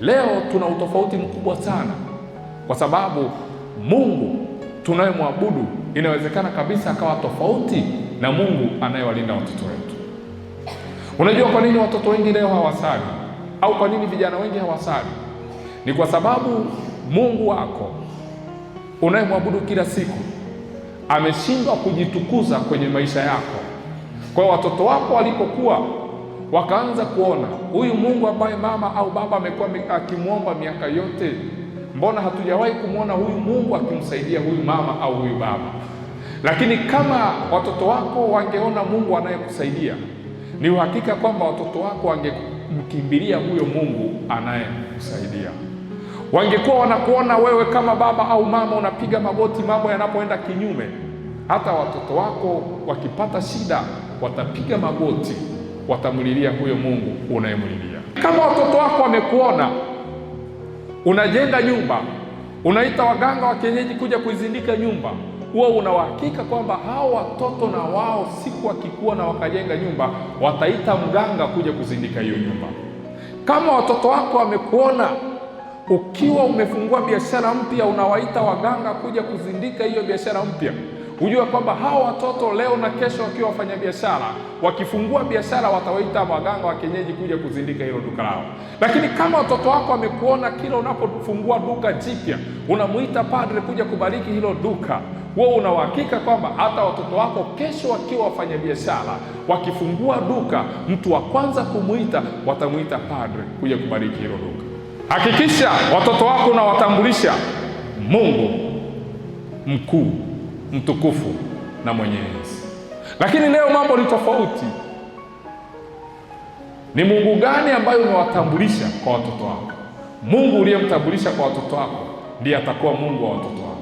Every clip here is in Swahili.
Leo tuna utofauti mkubwa sana, kwa sababu Mungu tunayemwabudu inawezekana kabisa akawa tofauti na Mungu anayewalinda watoto wetu. Unajua kwa nini watoto wengi leo hawasali au kwa nini vijana wengi hawasali? Ni kwa sababu Mungu wako unayemwabudu kila siku ameshindwa kujitukuza kwenye maisha yako. Kwa hiyo watoto wako walipokuwa Wakaanza kuona huyu Mungu ambaye mama au baba amekuwa akimwomba miaka yote, mbona hatujawahi kumwona huyu Mungu akimsaidia huyu mama au huyu baba? Lakini kama watoto wako wangeona Mungu anayekusaidia, ni uhakika kwamba watoto wako wangemkimbilia huyo Mungu anayekusaidia. Wangekuwa wanakuona wewe kama baba au mama unapiga magoti mambo yanapoenda kinyume, hata watoto wako wakipata shida watapiga magoti watamlilia huyo Mungu unayemlilia. Kama watoto wako wamekuona unajenga nyumba, unaita waganga wa kienyeji kuja kuizindika nyumba, huwa unawakika kwamba hao watoto na wao siku wakikuwa na wakajenga nyumba wataita mganga kuja kuzindika hiyo nyumba. Kama watoto wako wamekuona ukiwa umefungua biashara mpya, unawaita waganga kuja kuzindika hiyo biashara mpya hujue kwamba hawa watoto leo na kesho wakiwa wafanyabiashara, wakifungua biashara watawaita waganga wa kienyeji kuja kuzindika hilo duka lao. Lakini kama watoto wako wamekuona kila unapofungua duka jipya, unamwita padre kuja kubariki hilo duka, wewe unawahakika kwamba hata watoto wako kesho wakiwa wafanyabiashara, wakifungua duka, mtu wa kwanza kumwita watamwita padre kuja kubariki hilo duka. Hakikisha watoto wako unawatambulisha Mungu mkuu mtukufu na enzi. Lakini leo mambo ni tofauti. Ni Mungu gani ambaye umewatambulisha kwa watoto wako? Mungu uliyemtambulisha kwa watoto wako ndiye atakuwa Mungu wa watoto wako.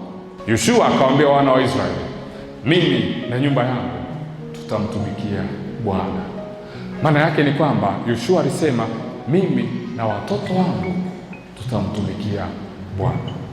Yoshua akawaambia wana wa Israeli, mimi na nyumba yangu tutamtumikia Bwana. Maana yake ni kwamba Yoshua alisema mimi na watoto wangu tutamtumikia Bwana.